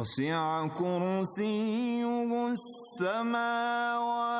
وسع كرسيه السماوات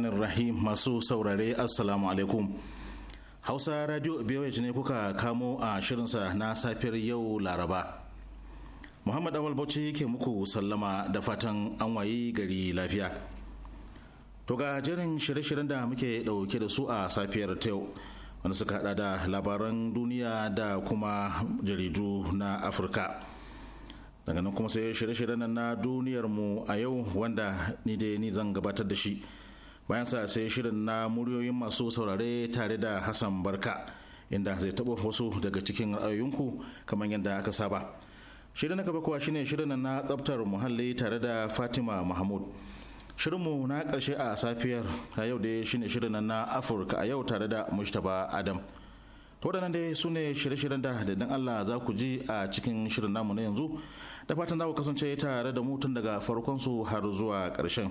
rahmanin rahim masu saurare assalamu alaikum hausa radio biyawai ne kuka kamo a shirinsa na safiyar yau laraba muhammad awal bauchi ke muku sallama da fatan an wayi gari lafiya to ga jerin shirye-shiryen da muke dauke da su a safiyar ta yau wanda suka hada da labaran duniya da kuma jaridu na afirka daga nan kuma sai shirye-shiryen na duniyar mu a yau wanda ni dai ni zan gabatar da shi bayan sa sai shirin na muryoyin masu saurare tare da hassan barka inda zai taɓa wasu daga cikin ra'ayoyinku kamar yadda aka saba shirin na gaba kuwa shine shirin na tsabtar muhalli tare da fatima mahmud shirinmu na ƙarshe a safiyar a yau dai shine shirin na afirka a yau tare da mustapha adam waɗannan dai su ne shirye-shiryen da da Allah za ku ji a cikin shirin namu na yanzu da fatan za ku kasance tare da mutum daga farkon su har zuwa ƙarshen.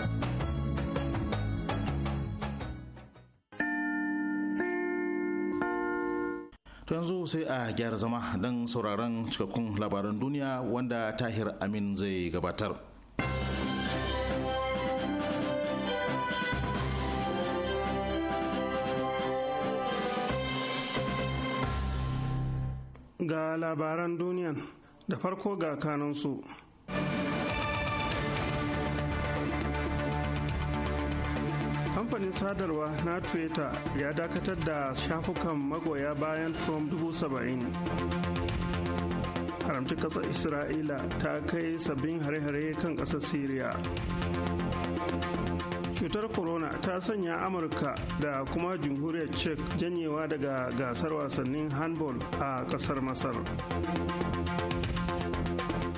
yanzu sai a gyara zama don sauraron cikakkun labaran duniya wanda Tahir Amin zai gabatar. Ga labaran duniyan da farko ga kanunsu. kamfanin sadarwa na twitter ya dakatar da shafukan magoya bayan trump saba'in. haramci kasar isra'ila ta kai sabbin hare-hare kan kasar syria cutar corona ta sanya amurka da kuma jamhuriyar czech janyewa daga gasar wasannin handball a kasar masar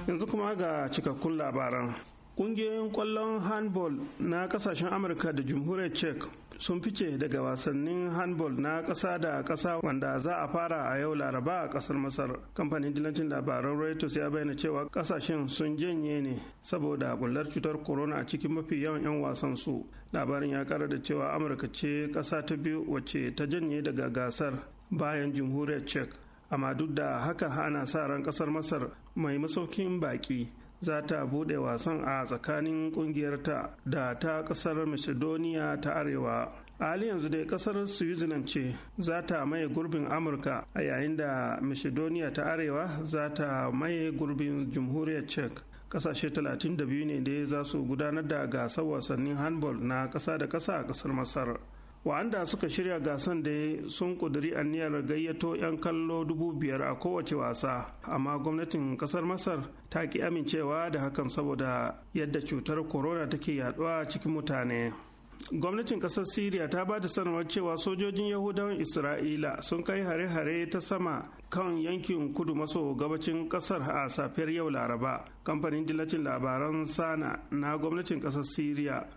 yanzu kuma ga cikakkun labaran Ƙungiyoyin ƙwallon handball na ƙasashen Amurka da Jamhuriyar Czech sun fice daga wasannin handball na ƙasa da ƙasa wanda za a fara a yau laraba a ƙasar Masar. Kamfanin dilancin labaran Reuters ya bayyana cewa ƙasashen sun janye ne saboda bullar cutar corona a cikin mafi yawan 'yan wasan su. Labarin ya kara da cewa Amurka ce ƙasa ta biyu wacce ta janye daga gasar bayan Jamhuriyar Czech. Amma duk da haka ana sa ran ƙasar Masar mai masaukin baƙi. za ta buɗe wasan a tsakanin ƙungiyarta da ta ƙasar macedonia ta arewa hali yanzu dai kasar switzerland ce za ta maye gurbin amurka a yayin da macedonia ta arewa za ta maye gurbin jamhuriyar czech kasashe 32 ne dai za su gudanar da gasar wasannin handball na ƙasa da ƙasa a ƙasar masar wa'anda suka shirya gasan da sun kuduri aniyar gayyato 'yan kallo dubu biyar a kowace wasa amma gwamnatin kasar masar ta ki amincewa da hakan saboda yadda cutar corona take yaduwa cikin mutane gwamnatin kasar syria ta ba da sanarwar cewa sojojin yahudawan isra'ila sun kai hare-hare ta sama kan yankin kudu maso gabacin kasar a safiyar yau laraba kamfanin dillacin labaran sana na gwamnatin kasar syria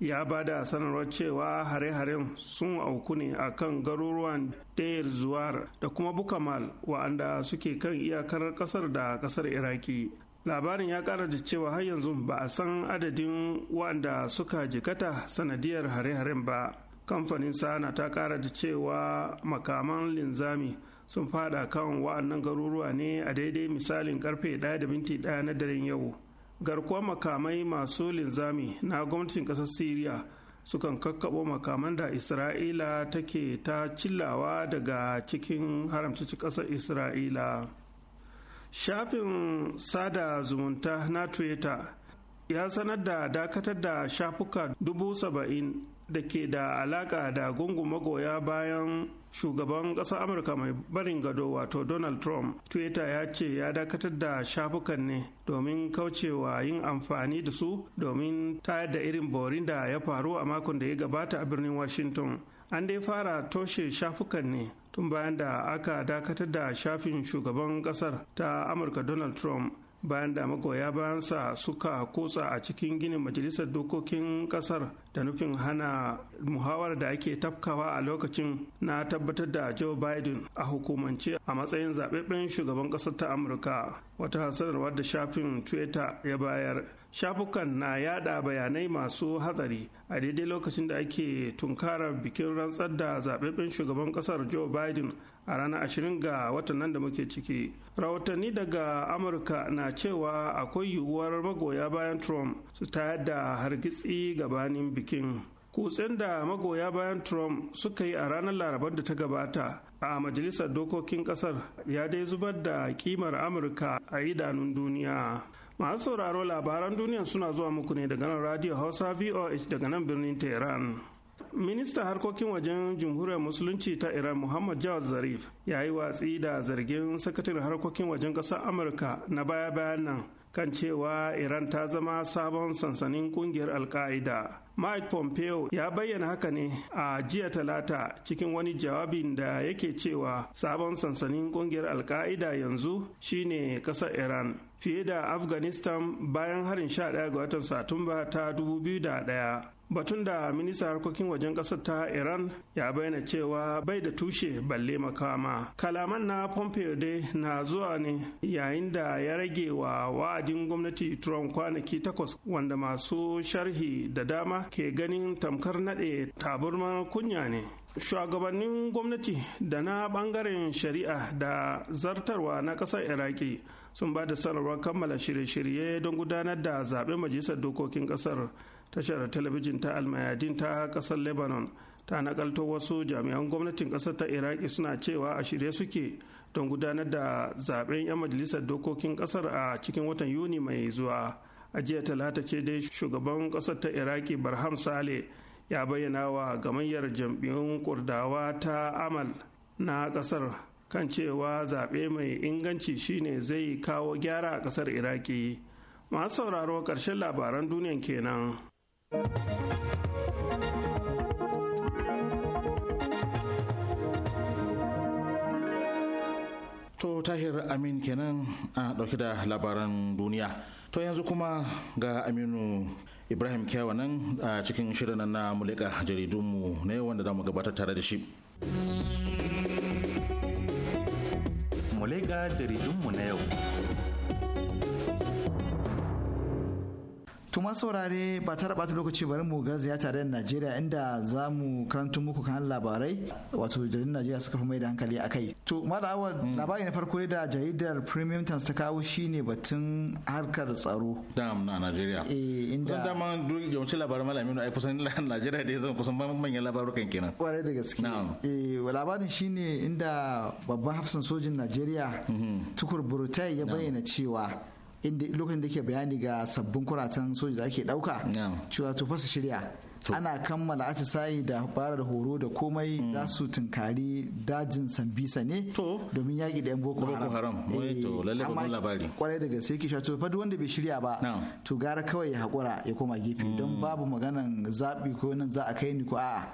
ya ba da sanarwar cewa hare-haren sun auku ne a kan garuruwan deir zuwar da kuma bukamal wa'anda suke kan iyakar kasar da kasar iraki labarin ya ƙara da cewa har yanzu ba a san adadin wa'anda suka jikata sanadiyar hare-haren ba kamfanin sana ta ƙara da cewa makaman linzami sun fada kan wa'annan garuruwa ne a daidai misalin karfe 1.1 da minti na daren yau garkuwar makamai masu linzami na gwamnatin ƙasar Siriya sukan kakkaɓo makaman da isra'ila take ta cillawa daga cikin haramcici ƙasar isra'ila shafin sada zumunta na twitter ya sanar da dakatar da shafuka dubu saba'in da ke da alaƙa da gungun magoya bayan shugaban ƙasar amurka mai barin gado wato donald trump twitter ya ce ya dakatar da shafukan ne domin kaucewa yin amfani da su domin tayar da irin borin da ya faru a makon da ya gabata a birnin washington an dai fara toshe shafukan ne tun bayan da aka dakatar da shafin shugaban ƙasar ta amurka donald trump bayan da magoya bayansa suka kotsa a cikin ginin majalisar dokokin kasar da nufin hana muhawar da ake tafkawa a lokacin na tabbatar da joe biden a hukumance a matsayin zaɓaɓɓen shugaban ƙasar ta amurka wata hasarar da shafin twitter ya bayar shafukan na yada bayanai masu hatsari a daidai lokacin da ake tunkarar bikin rantsar da zababben shugaban kasar joe biden a ranar 20 ga watan nan da muke ciki rahotanni daga amurka na cewa akwai yiwuwar magoya bayan trump su tayar da hargitsi gabanin bikin kutsen da magoya bayan trump suka yi a ranar larabar da ta gabata a majalisar dokokin kasar ya dai zubar da kimar amurka a idanun duniya masu sauraro labaran duniya suna zuwa muku ne daga nan radio hausa voh daga nan birnin tehran ministan harkokin wajen jamhuriyar musulunci ta iran muhammad jawad zarif ya yi watsi da zargin sakataren harkokin wajen ƙasar amurka na baya-bayan nan kan cewa iran ta zama sabon sansanin kungiyar alka'ida Mike Pompeo ya bayyana haka ne a jiya talata cikin wani jawabin da yake cewa sabon sansanin kungiyar alka'ida yanzu shine kasar Iran fiye da Afghanistan bayan harin sha ɗaya ga watan Satumba ta 2001. batun da ministan harkokin wajen ƙasar ta iran ya bayyana cewa bai da tushe balle makama kalaman na pompeo dai na zuwa ne yayin da ya rage wa wa'adin gwamnati trump kwanaki takwas wanda masu sharhi da dama ke ganin tamkar naɗe taburman kunya ne shugabannin gwamnati da na bangaren shari'a da zartarwa na ƙasar iraki sun ba da sanarwar kammala shirye-shirye don gudanar da zaɓen majalisar dokokin ƙasar tashar talabijin ta almayadin ta kasar lebanon ta nakalto wasu jami'an gwamnatin kasar ta iraki suna cewa a shirye suke don gudanar da zaben 'yan majalisar dokokin kasar a cikin watan yuni mai zuwa a jiya talata ce dai shugaban kasar ta iraki barham sale ya bayyana wa gamayyar jam'iyyun kurdawa ta amal na kasar kan cewa zaɓe mai inganci shine zai kawo gyara a kasar iraki masu sauraro ƙarshen labaran duniyan kenan. To tahir amin kenan a ɗauki da labaran duniya to yanzu kuma ga aminu ibrahim kyawanan a cikin shirin na mulika jaridunmu na yau wanda za mu gabatar tare da shi mulika jaridunmu na yau Tuma saurare ba ta ta lokaci bari mu garzaya tare da Najeriya inda za mu karanta muku kan labarai wato jaridun Najeriya suka fi mai da hankali a kai. To da awa hmm. labari na farko da jaridar Premium Times ta kawo shine batun harkar tsaro. Dam na Najeriya. Eh inda dan dama yawancin labaran malami ai kusan Najeriya da zan kusan manyan labarukan kenan. kware da gaske. Eh labarin shine inda babban hafsan sojin Najeriya hmm. Tukur Burutai ya bayyana cewa inda lokacin da ke bayani ga sabbin kuratan soja da ake dauka cewa to fasa shirya ana kammala atisayi da barar horo da komai mm. za su tunkari dajin sambisa ne domin yaƙi da 'yan boko haram eh, amma kwarai daga sai ke shato fa wanda bai shirya ba to gara kawai ya hakura ya koma gefe don mm. babu maganan zaɓi ko nan za a kai ni ko a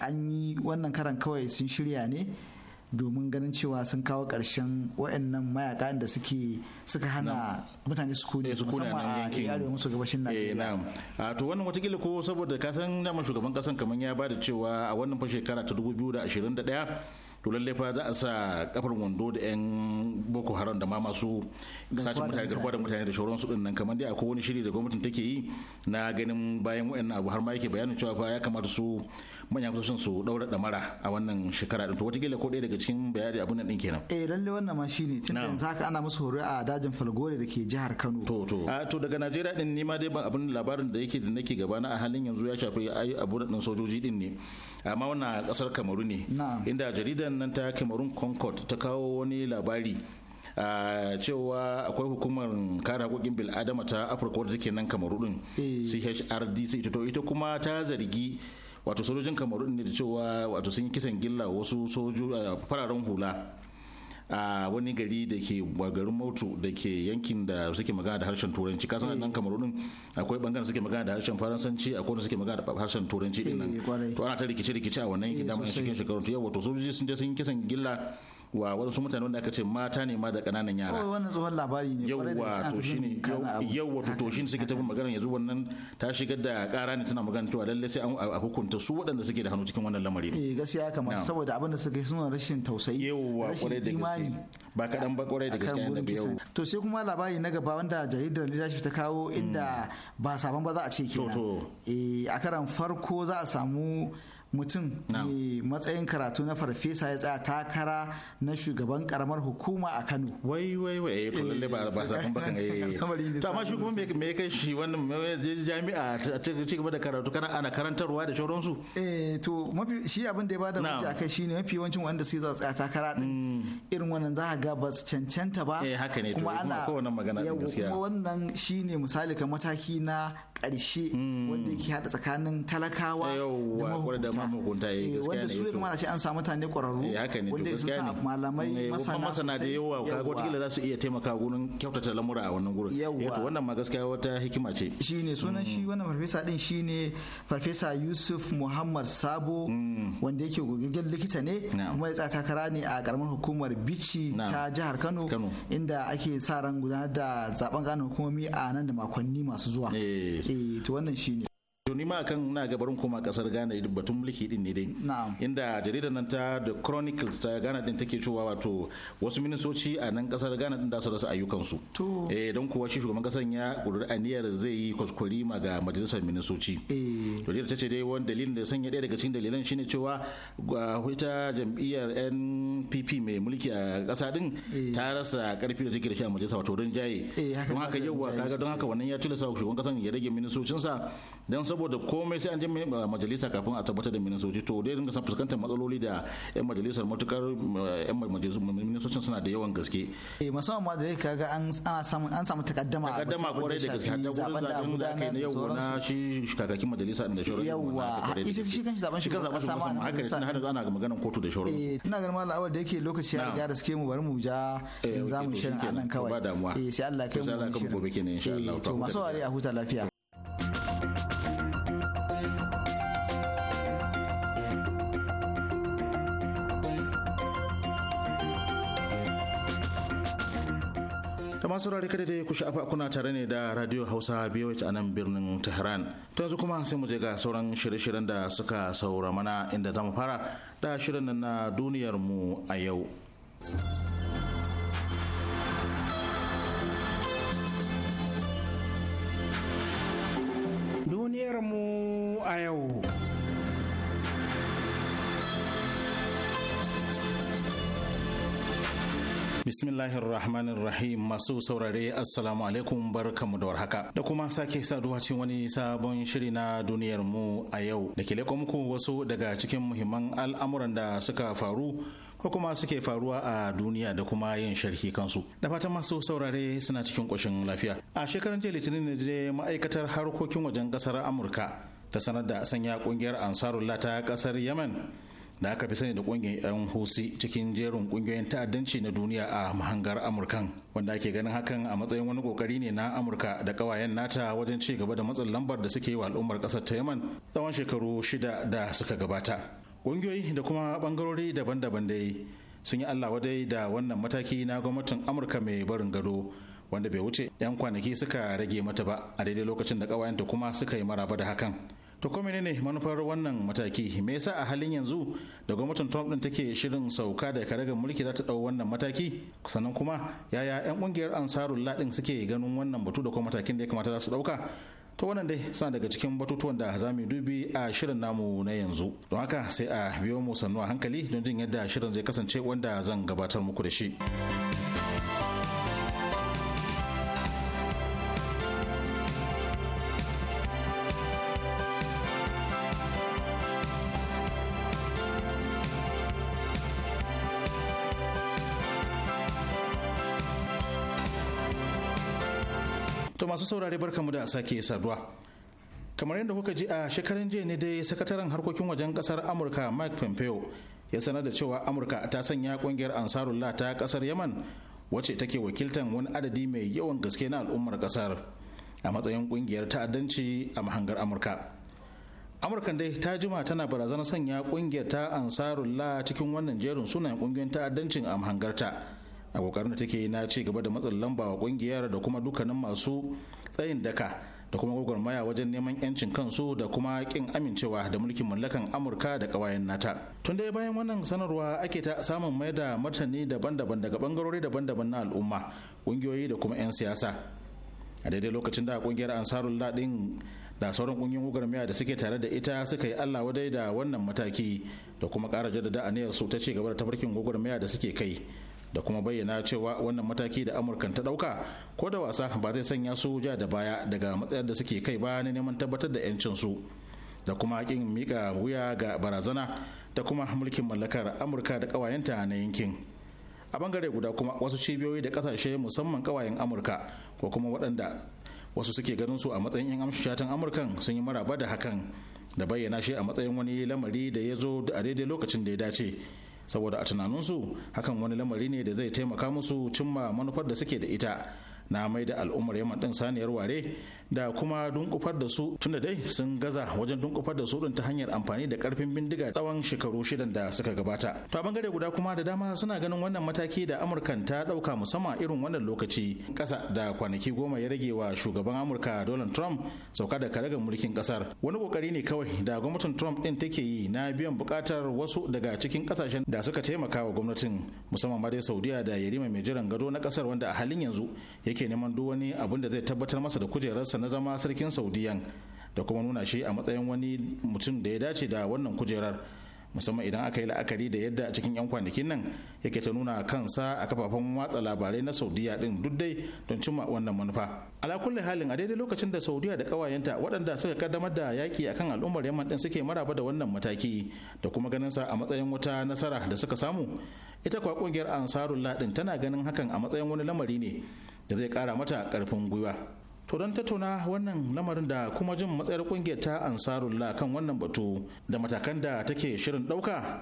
an yi wannan karan kawai sun shirya ne domin ganin cewa sun kawo ƙarshen waɗannan mayaka da suke suka hana mutane su kune eh, musamman a yare musu gabashin eh, Najeriya. Ah, to wannan watakila ko saboda kasan daman shugaban kasan kamar ya bada cewa a wannan fa shekara ta 2021 to lallai fa za a sa kafar wando da yan boko haram da ma masu sace mutane garkuwa da mutane da shauransu din nan kamar dai akwai wani shiri da gwamnatin take yi na ganin bayan wayannan abu har ma yake bayanin cewa fa ya kamata su manyan kusan su daura damara a wannan shekara din to watakila ko daya daga cikin bayani abun nan din kenan eh lallai wannan ma shine tun yanzu haka ana musu horo a dajin falgore da ke jihar Kano to to a to daga Najeriya din ni ma dai ban abun labarin da yake da nake gabana a halin yanzu ya shafi ayi abun nan sojoji din ne amma wannan kasar kamaru ne inda jaridar nan ta kamarun concord ta kawo wani labari a cewa akwai hukumar kare haƙoƙin bil'adama ta afirka wadda take nan kamaru din chrdc eh. ita kuma ta zargi wato sojojin kamaru ne da cewa wato sun yi kisan gilla wasu sojo fararen hula a wani gari da ke garin motu da ke yankin da suke magana da harshen turanci kasan nan eh. kamaru din akwai bangaren suke magana da harshen faransanci akwai wanda suke magana da harshen turanci din nan eh, to ana ta rikice rikice a wannan yankin da eh, cikin shekarun to yau wato sojoji sun je sun kisan gilla wa wasu mutane wanda aka ce mata ne ma da kananan yara wannan tsohon labari ne yawwa to shine yawwa to to suke tafi magana yanzu wannan ta shigar da kara ne tana magana to lalle sai an a hukunta su waɗanda suke da hannu cikin wannan lamari eh gaskiya kamar saboda abin da suka yi suna rashin tausayi yawwa kwarai da gaske ba kaɗan ba kwarai da gaske yau to sai kuma labari na gaba wanda jaridar leadership ta kawo inda hmm. ba sabon ba za a ce kenan eh a karan farko za a samu mutum mai matsayin karatu na farfesa ya tsaya takara na shugaban karamar hukuma a Kano. Wai wai wai eh, to lalle ba ba sabon eh, bakan eh. eh. To amma shi kuma me kai shi wannan jami'a a ci gaba da karatu kana ana karantarwa da shauransu. Eh to mafi shi abin da ya bada muke akai shine mafi yawancin wanda yi zuwa tsaya takara din hmm. irin wannan za ka ga ba su cancanta ba. Eh haka ne to kuma kowanne magana gaskiya. Kuma wannan shine misali kan mataki na ƙarshe hmm. wanda yake hada tsakanin talakawa da mahukunta eh, eh, wanda su ya kamata ce an samu mutane ƙwararru eh, wanda sun sa malamai masana da yawa kaga wata za su iya taimaka gurin kyautata lamura a wannan gurin yawa wannan ma gaskiya wata hikima ce shine sunan shi hmm. wannan farfesa din shine farfesa Yusuf Muhammad Sabo hmm. wanda yake gogaggen likita ne kuma ya tsata kara ne a karamar hukumar Bichi ta jihar Kano inda ake sa ran gudanar da zaben ganin hukumomi a nan da makonni masu zuwa 诶，多难听呢。to ni ma akan na gabarin kuma kasar Ghana batun mulki din ne dai inda jaridar nan ta The Chronicles ta Ghana din take cewa wato wasu ministoci a nan kasar Ghana din da su rasa ayyukan su eh don kuwa shi shugaban kasar ya kudura aniyar zai yi kuskure ma ga majalisar ministoci eh jaridar ta ce dai wani dalilin da sanya daya daga cikin dalilan shine cewa ita jam'iyyar NPP mai mulki a kasa din eh. ta rasa karfi da take da shi a majalisa wato don jaye eh, don haka yau kaga don haka wannan ya tilasta shugaban kasar ya rage ministocinsa don saboda saboda komai sai an je eh, majalisa kafin a tabbatar da minisoci to dai dinga san fuskantar matsaloli da yan majalisar matukar yan eh, majalisar ministocin suna da yawan gaske eh musamman ma da yake kaga an ana samu an samu takaddama a takaddama kwarai da gaske da gurin zaben da aka yi na yau na shi kakakin majalisa da shauran yawa ita shi kanshi zaben shugaban kasa ma haka ne har ana maganar kotu da shauran eh ina ganin malam da yake lokaci ya riga da suke mu bari mu ja eh, in zamu shirin anan kawai eh sai Allah kai mu gobe kenan insha Allah to masu wari a huta lafiya kamar saurari kada dai ku shafa kuna tare ne da radio hausa BOH a nan birnin tehran to yanzu kuma sai mu je ga sauran shirye-shiryen da suka saura mana inda zamu fara da shirin na duniyar mu a yau duniyar mu a yau Bismillahir Rahmanir Rahim masu saurare Assalamu alaikum barkamu da warhaka da kuma sake saduwa cikin wani sabon shiri na duniyar mu a yau da ke leko muku wasu daga cikin muhimman al'amuran da suka faru ko kuma suke faruwa a duniya da kuma yin sharhi kansu da fatan masu saurare suna cikin ƙoshin lafiya a shekaran jiya litinin da ma'aikatar harkokin wajen ƙasar amurka ta sanar da sanya ƙungiyar ansarullah ta ƙasar yemen da aka fi sani da kungiyar 'yan husi cikin jerin kungiyoyin ta'addanci na duniya a mahangar amurkan wanda ake ganin hakan a matsayin wani kokari ne na amurka da kawayen nata wajen ci gaba da matsin lambar da suke yi wa al'ummar kasar ta yaman tsawon shekaru shida da suka gabata kungiyoyi da kuma bangarori daban-daban dai sun yi allah wadai da wannan mataki na gwamnatin amurka mai barin gado wanda bai wuce 'yan kwanaki suka rage mata ba a daidai lokacin da kawayenta kuma suka yi maraba da hakan To ko ne manufar wannan mataki? Me yasa a halin yanzu da gwamnatin Trump din take shirin sauka da karagar mulki za ta dau wannan mataki? Sannan kuma yaya 'yan kungiyar Ansarul Ladin suke ganin wannan batu da kuma matakin da ya kamata za su dauka? To wannan dai suna daga cikin batutuwan da za mu dubi a shirin namu na yanzu. Don haka sai a biyo mu sannu a hankali don jin yadda shirin zai kasance wanda zan gabatar muku da shi. masu saurare barkamu da sake saduwa kamar yadda kuka ji a shekarun jiya ne dai sakataren harkokin wajen kasar amurka mike pompeo ya sanar da cewa amurka ta sanya kungiyar ansarullah ta kasar yaman wacce take wakiltan wani adadi mai yawan gaske na al'ummar kasar a matsayin kungiyar ta'addanci a mahangar amurka amurkan dai ta jima tana barazanar sanya kungiyar ta ansarullah cikin wannan jerin sunayen kungiyar ta'addancin a mahangarta a kokarin da take na ci gaba da matsin lamba wa kungiyar da kuma dukkanin masu tsayin daka da kuma gwagwarmaya wajen neman yancin kansu da kuma kin amincewa da mulkin mallakan amurka da kawayen nata tun dai bayan wannan sanarwa ake ta samun mai da martani daban-daban daga bangarori daban-daban na al'umma kungiyoyi da kuma 'yan siyasa a daidai lokacin da kungiyar ansarul ladin da sauran kungiyoyin gwagwarmaya da suke tare da ita suka yi allah wadai da wannan mataki da kuma kara jaddada aniyar su ta ci gaba da tafarkin gwagwarmaya da suke kai da kuma bayyana cewa wannan mataki da amurkan ta dauka ko da wasa ba zai sanya su ja da baya daga matsayar da suke kai ba na neman tabbatar da 'yancin su da kuma kin mika wuya ga barazana da kuma mulkin mallakar amurka da kawayenta na yankin a bangare guda kuma wasu cibiyoyi da kasashe musamman kawayen amurka ko kuma waɗanda wasu suke ganin su a matsayin 'yan shatan amurkan sun yi maraba da hakan da bayyana shi a matsayin wani lamari da ya zo a daidai lokacin da ya dace saboda a tunaninsu hakan wani lamari ne da zai taimaka musu cimma manufar da suke da ita na mai da al'ummar yaman din saniyar ware da kuma dunkufar da su tunda dai sun gaza wajen dunkufar da su din ta hanyar amfani da karfin bindiga tsawon shekaru shidan da suka gabata to a bangare guda kuma da dama suna ganin wannan mataki da amurkan ta dauka musamman irin wannan lokaci kasa da kwanaki goma ya rage wa shugaban amurka donald trump sauka da karagar mulkin kasar wani kokari ne kawai da gwamnatin trump din take yi na biyan bukatar wasu daga cikin kasashen da suka taimaka wa gwamnatin musamman ma dai saudiya da yarima mai jiran gado na kasar wanda a halin yanzu yake neman duk wani abin da zai tabbatar masa da kujerarsa na zama sarkin saudiyan da kuma nuna shi a matsayin wani mutum da ya dace da wannan kujerar musamman idan aka yi la'akari da yadda a cikin 'yan kwanakin nan yake ta nuna kansa a kafafen watsa labarai na saudiya din duk dai don cimma wannan manufa ala halin a daidai lokacin da saudiya da kawayenta waɗanda suka kaddamar da yaki akan al'ummar yamman din suke maraba da wannan mataki da kuma ganin sa a matsayin wata nasara da suka samu ita kuwa kungiyar ansarullah din tana ganin hakan a matsayin wani lamari ne da zai kara mata karfin gwiwa To don tattauna wannan lamarin da kuma jin matsayar kungiyar ta Ansarullah kan wannan batu da matakan da take shirin ɗauka.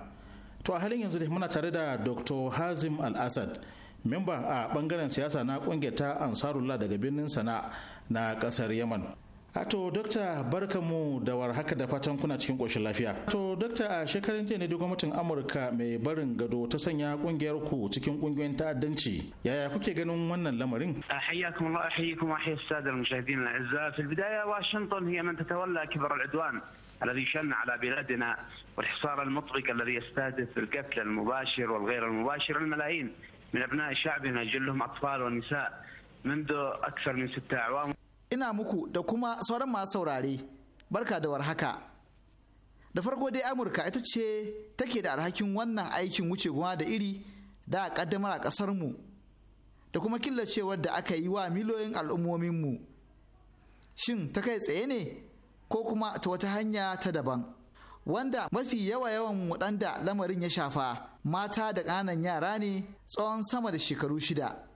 To a halin yanzu da muna tare da Dr. Hazim Al-Assad, memba a ɓangaren siyasa na kungiyar ta Ansarullah daga birnin Sana'a na ƙasar Yaman. to dokta mu da war haka da fatan kuna cikin koshin lafiya to dokta a shekarun jiya ne duk gwamnatin amurka mai barin gado ta sanya kungiyar ku cikin kungiyoyin ta'addanci yaya kuke ganin wannan lamarin ahayyakum allah ahayyikum ahiy السادة المشاهدين الأعزاء في البداية واشنطن هي من تتولى كبر العدوان الذي شن على بلادنا والحصار المطبق الذي يستهدف القتل المباشر والغير المباشر الملايين من أبناء شعبنا جلهم أطفال ونساء منذ أكثر من ستة أعوام ina muku da kuma sauran masu saurare barka da warhaka da farko dai amurka ita ce take da alhakin wannan aikin wuce guma da iri da a kaddamar a ƙasarmu da kuma killacewar da aka yi wa miliyoyin al'ummominmu shin ta kai tsaye ne ko kuma ta wata hanya ta daban wanda mafi yawa yawan waɗanda lamarin ya shafa mata da ƙananan yara ne tsawon sama da shekaru shida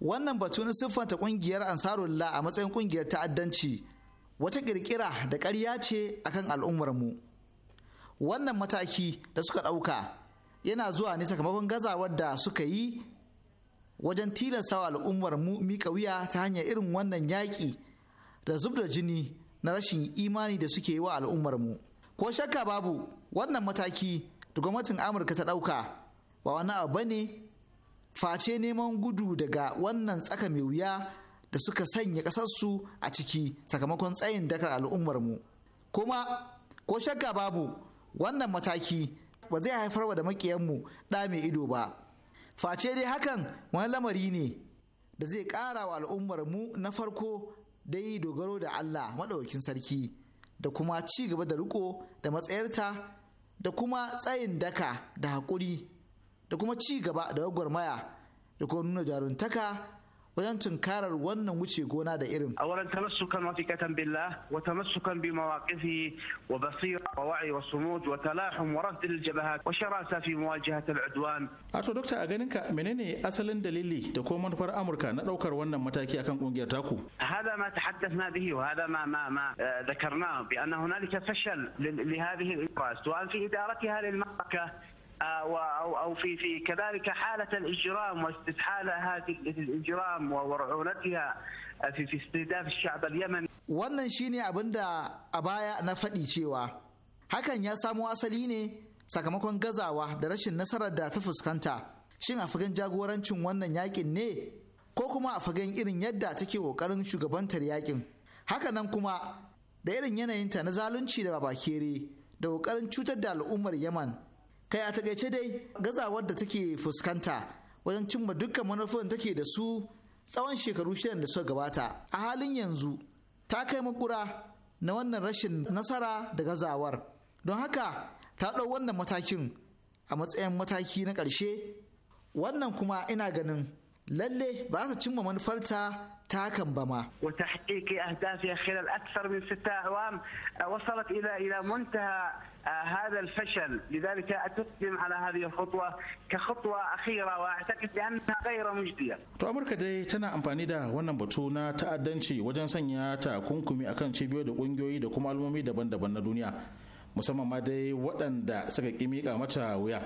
wannan batu na siffanta kungiyar ansarullah a matsayin kungiyar ta'addanci wata kirkira da ƙarya ce akan al'ummar mu wannan mataki da suka ɗauka yana zuwa ne sakamakon gazawar da suka yi wajen tilasta al'ummar mu miƙa wuya ta hanyar irin wannan yaƙi da zub da jini na rashin imani da suke yi wa al'ummar mu ko shakka babu wannan mataki da gwamnatin amurka ta ɗauka ba wani abu bane face neman gudu daga wannan tsaka mai wuya da suka sanya ƙasarsu a ciki sakamakon tsayin dakar al'ummarmu kuma ko shakka babu wannan mataki ba zai haifar haifarwa da makiyanmu ɗa mai ido ba face dai hakan wani lamari ne da zai ƙara wa al'ummarmu na farko dai dogaro da Allah maɗaukin sarki da kuma ci gaba da riko da matsayarta da kuma tsayin daka da haƙuri da kuma ci gaba da gwagwarmaya da kuma nuna jaruntaka wajen tunkarar wannan wuce gona da irin. A wurin tamassukan mafiƙatan billah wa tamassukan bi mawaqifihi wa basira wa wa'i wa sumud wa talahum wa rafd al wa sharasa fi muwajahat al-udwan. A to dokta a ganin ka menene asalin dalili da kuma manufar Amurka na daukar wannan mataki akan kungiyar taku? Hada ma tahaddathna bihi wa hada ma ma ma ذكرناه بأن هنالك فشل لهذه الإبراز وأن في إدارتها للمعركة او او في في كذلك حاله الاجرام هذه الاجرام ورعونتها في في استهداف الشعب اليمني wannan shine abin da a baya na faɗi cewa hakan ya samo asali ne sakamakon gazawa da rashin nasarar da ta fuskanta shin a fagen jagorancin wannan yakin ne ko kuma a fagen irin yadda take ƙoƙarin shugabantar yakin hakanan kuma da irin yanayinta na zalunci da babakere da kokarin cutar da al'ummar yaman kai a takaice dai gazawar da take fuskanta wajen cimma dukkan manufofin take da su tsawon shekaru shida da suka gabata a halin yanzu ta kai makura na wannan rashin nasara da gazawar don haka ta ɗau wannan matakin a matsayin mataki na ƙarshe wannan kuma ina ganin lalle ba ta cimma manufarta ta hakan ba ma. وتحقيق أهدافها خلال أكثر من ستة أعوام وصلت إلى إلى منتهى هذا الفشل لذلك أتقدم على هذه الخطوة كخطوة أخيرة وأعتقد بأنها غير مجدية to Amurka dai tana amfani da wannan batu na ta'addanci wajen sanya ta kunkumi akan cibiyoyi da kungiyoyi da kuma al'ummomi daban-daban na duniya musamman ma dai waɗanda suka ƙi mata wuya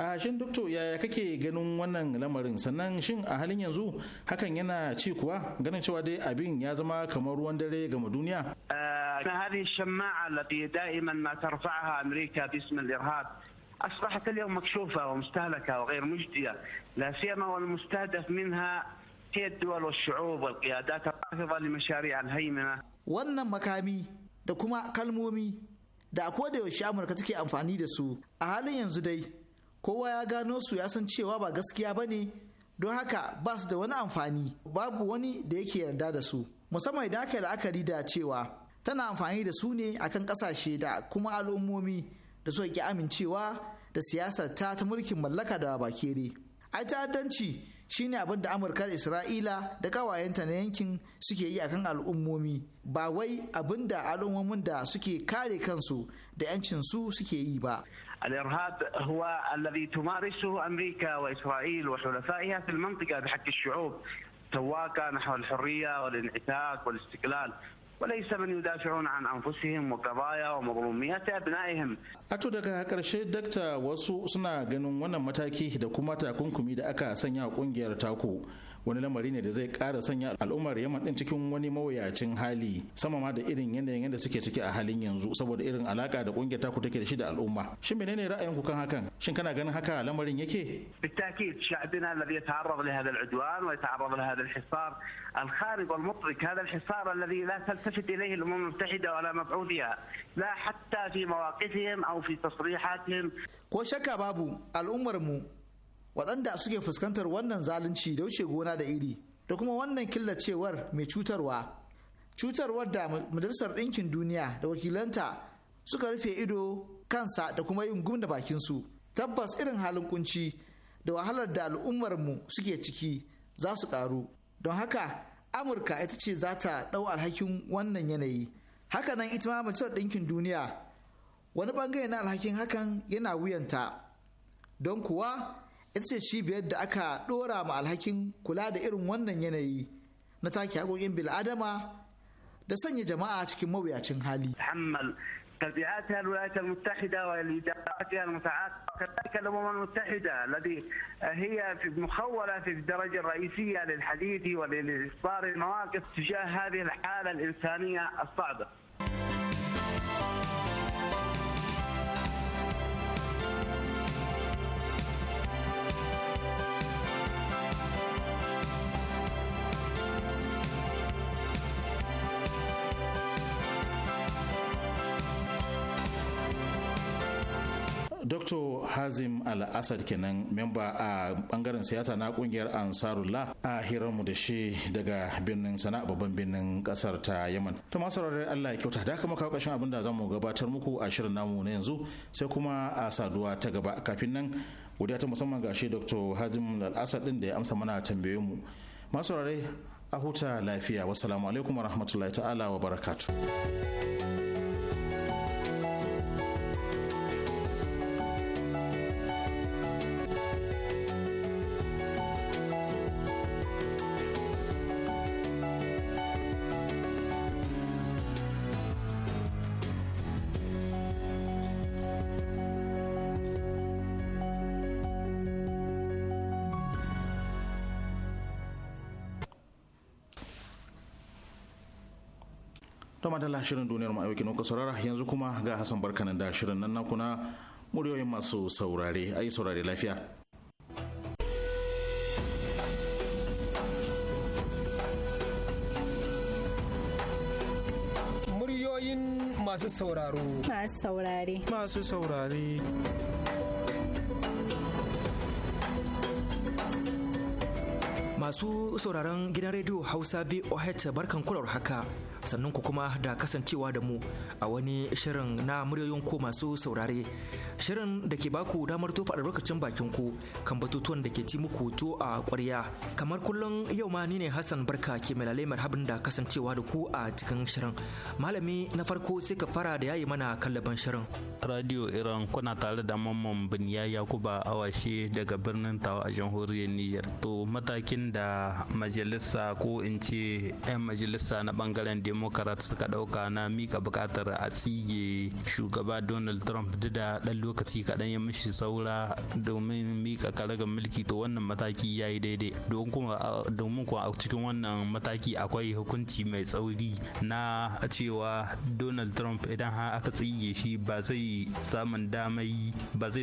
a shin dukto ya kake ganin wannan lamarin sannan shin a halin yanzu hakan yana ci kuwa ganin cewa dai abin ya zama kamar ruwan dare eh, ga duniya a halin shama'a lati da'iman ma tarfa'aha amerika bismil irhab asbaha kal yawm makshufa wa mustahlaka wa mujdiya la siyama mustahdaf minha tiyadwal wal shu'ub wal qiyadat al rafida li mashari' al haymana wannan makami da kuma kalmomi da a kodayaushe amurka take amfani da su a halin yanzu dai kowa ya gano su ya san cewa ba gaskiya ba ne don haka ba su da wani amfani babu wani da yake yarda da su musamman idan aka yi la'akari da cewa tana amfani da su ne akan kasashe da kuma al'ummomi da suka ki amincewa da siyasar ta ta mulkin mallaka da bakere ai ta'addanci shine abin da amurka da isra'ila da kawayenta na yankin suke yi akan al'ummomi ba wai abin da al'ummomin da suke kare kansu da 'yancin su suke yi ba الارهاب هو الذي تمارسه امريكا واسرائيل وحلفائها في المنطقه بحق الشعوب سواقه نحو الحريه والانعتاق والاستقلال وليس من يدافعون عن انفسهم وقضايا ومظلوميات ابنائهم. اتو دكا كرشي دكتا وسو سنا جنون wannan متاكي دكوماتا كونكومي دكا سنيا كونجير تاكو wani lamari ne da zai kara sanya al'ummar yaman din cikin wani mawuyacin hali sama ma da irin yanayin yadda suke ciki a halin yanzu saboda irin alaka da kungiyar taku take da shi da al'umma shin menene ra'ayin ku kan hakan shin kana ganin haka lamarin yake بالتاكيد شعبنا الذي يتعرض لهذا العدوان ويتعرض لهذا الحصار الخارق والمطرق هذا الحصار الذي لا تلتفت اليه الامم المتحده ولا مبعوثها لا حتى في مواقفهم او في تصريحاتهم ko shakka babu al'ummar mu waɗanda suke fuskantar wannan zalunci da wuce gona da iri da kuma wannan killacewar mai cutarwa cutarwar da majalisar ɗinkin duniya da wakilanta suka rufe ido kansa da kuma yin gumda bakinsu tabbas irin halin kunci da wahalar da al'ummarmu suke ciki za su ƙaru don haka amurka ita ce za ta ɗau alhakin wannan yanayi hakanan ita ma majalisar ɗinkin duniya wani ɓangare na alhakin hakan yana wuyanta don kuwa ita ce biyar da aka dora ma alhakin kula da irin wannan yanayi na take haƙoƙin adama da sanya jama'a cikin mawuyacin hali. تبعاتها الولايات المتحدة والإداراتها المتعاقبة كذلك الأمم المتحدة الذي هي مخولة في الدرجة الرئيسية للحديث ولإصدار المواقف تجاه هذه الحالة الإنسانية الصعبة. dr hazim al-assad kenan memba a bangaren siyasa na kungiyar ansarullah a hirarmu da shi daga birnin sana babban birnin kasar ta yaman ta masu allah ya kyauta da kuma kawo kashin abin da za mu gabatar muku a shirin namu na yanzu sai kuma a saduwa ta gaba kafin nan godiya ta musamman ga shi dr hazim al-assad din da ya amsa mana tambayoyin mu masu a huta lafiya wassalamu alaikum warahmatullahi ta'ala wa barakatuh to madalla shirin duniyar mu aiki kuka saurara yanzu kuma ga Hassan Barkanan da shirin nan naku na muryoyin masu saurare ayi saurare lafiya muryoyin masu sauraro. Masu saurare. Masu saurare. Masu sauraron gidan rediyo Hausa VOH barkan kular haka. sannan ku kuma da kasancewa da mu a wani shirin na muryoyin ko masu saurare shirin da ke baku damar tofa lokacin bakin ku kan batutuwan da ke ci muku to a ƙwarya kamar kullum yau ma ni ne hassan barka ke malalai marhabin da kasancewa da ku a cikin shirin malami na farko sai ka fara da yayi mana kallaban shirin radio iran kuna tare da mamman binya yakuba awashe daga birnin tawa a jamhuriyar niger to matakin da majalisa ko in ce 'yan majalisa na bangaren democrat suka dauka na mika bukatar a tsige shugaba donald trump da dan lokaci kaɗan ya mishi saura domin mika karagar mulki to wannan mataki ya yi daidai domin kuwa a cikin wannan mataki akwai hukunci mai tsauri na cewa donald trump idan har aka tsige shi ba zai samun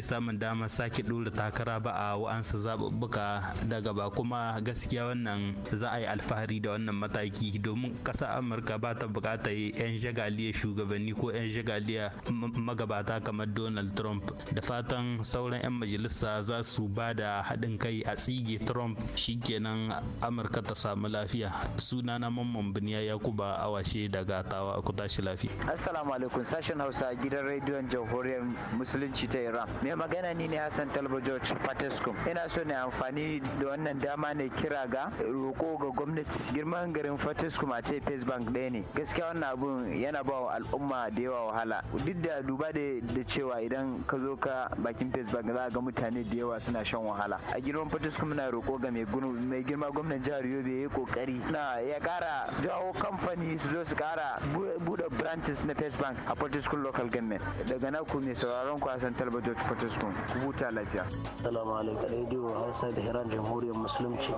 samun damar sake ɗora takara ba a wa'ansa zaɓuɓɓuka daga ba kuma gaskiya wannan za a yi alfahari da wannan mataki domin ƙasar amurka ba ta buƙatar 'yan shagaliya shugabanni ko 'yan shagaliya magabata kamar donald trump trump da fatan sauran 'yan majalisa za su ba da haɗin kai a tsige trump shikenan amurka ta samu lafiya sunana mamman biniya yakuba awashe daga tawa a tashi lafiya assalamu alaikum sashen hausa gidan rediyon jamhuriyar musulunci ta iran mai magana ni ne hassan talba george patescom ina so ne amfani da wannan dama ne kira ga roko ga gwamnati girman garin patescom a ce face bank ɗaya ne gaskiya wannan abun yana ba wa al'umma da yawa wahala duk da duba da cewa idan ka zo ka bakin facebook za a ga mutane da yawa suna shan wahala a girman fatis kuma na roƙo ga mai girma gwamnan jihar yobe ya yi kokari na ya kara jawo kamfani su zo su kara bude branches na first bank a fortiskun local government daga na ku mai sauraron kwasan talbato fortiskun ku huta lafiya salamu alaikum radio hausa da iran jamhuriyar musulunci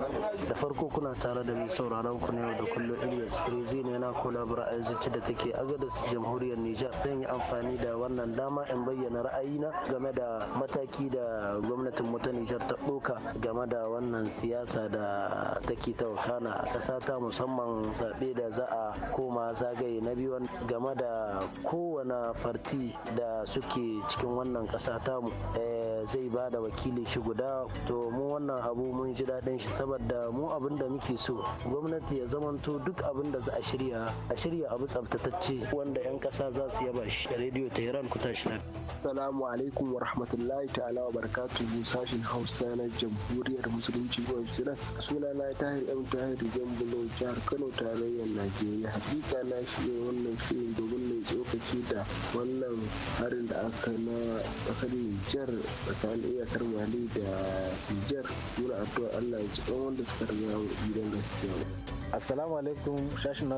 da farko kuna tare da mai sauraron ku ne da kullum ilyas firizi ne na kolabra a yanzu da take agadas jamhuriyar nijar zan yi amfani da wannan dama in bayyana ra'ayi ra'ayina game da mataki da gwamnatin mu ta Nijar ta ɗauka game da wannan siyasa da take ta wakana a ƙasa ta musamman zaɓe da za a koma zagaye na biyu game da kowane farti da suke cikin wannan ƙasa mu eh, zai ba da wakilin shi guda to mu wannan abu mun ji daɗin shi saboda mu abin da muke so gwamnati ya zamanto duk abin da za a shirya a shirya abu tsabtatacce wanda 'yan ƙasa za su yaba shi rediyo tehran ku tashi na. salamu Assalamu alaikum wa rahmatullahi ta'ala wa barakatuhu sashen Hausa na Jamhuriyar Musulunci ko Suna Sunana Tahir M Tahir Jambulo jihar Kano tarayyar Najeriya. Hakika na ne wannan filin domin mai tsokaci da wannan harin da aka na kasar Nijar tsakanin iyakar Mali da Nijar. Muna addu'a Allah ya ci wanda suka riga gidan gaskiya. Assalamu alaikum shashin na